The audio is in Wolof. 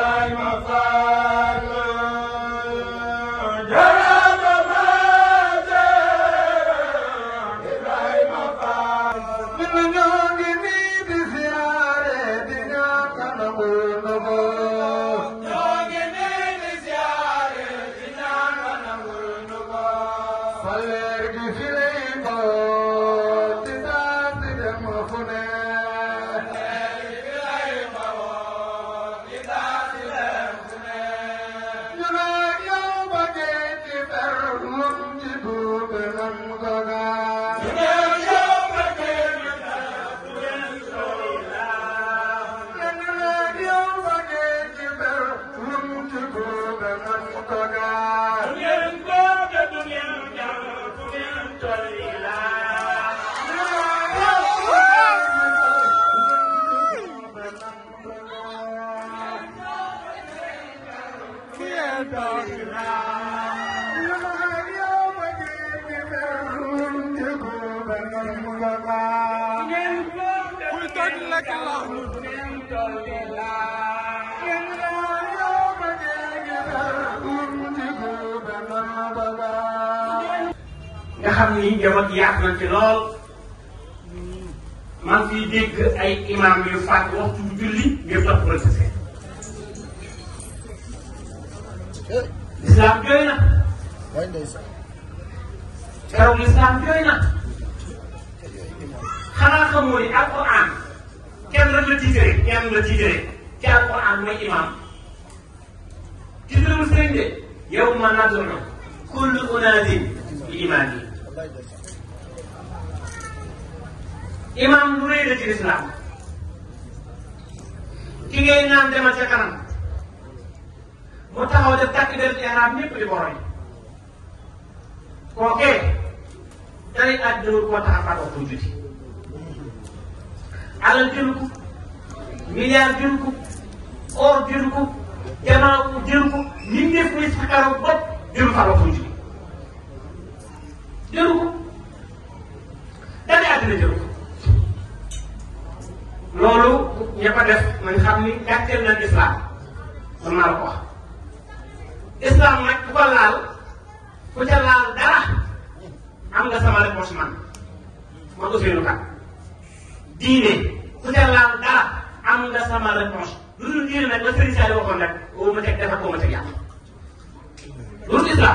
Valeu, nga xam ni njaboot yaatu na ci lool man fiy dégg ay imaam yu fàtt waxtu julli ngir topp lislaam jooy na xanaa xamoo ni alquran kenn rek la tiitare kenn la tiitare ci alquran mooy imaam tiitaru sëriñ de yow ma naddu kullu unaasin bi imaam yi imaam lu rëy la ci lislaam ki ngay naan demal ca kanam mu taxaw def takk der ci ihraam ñëpp di boroy kookee tey ak jëlul koo tax a faatoo ko juti alal ko milliard jëlu ko or jëlu ko jamaa jëlu ko nit ñëpp ni sa karam bopp jëlu faatoo ko juti jëlu ko dane àddina jëlu ko loolu ña ko def nañ xam ni gàcceel na islam man maa ko islam nag ku ko laal ku ca laal dara am nga sama réponse man man Ousseynou Ka diine ku ca laal am nga sama réponse lu dul diine nag la Serigne Saliou waxoon rek boo ma teg defar boo ma teg yàq loolu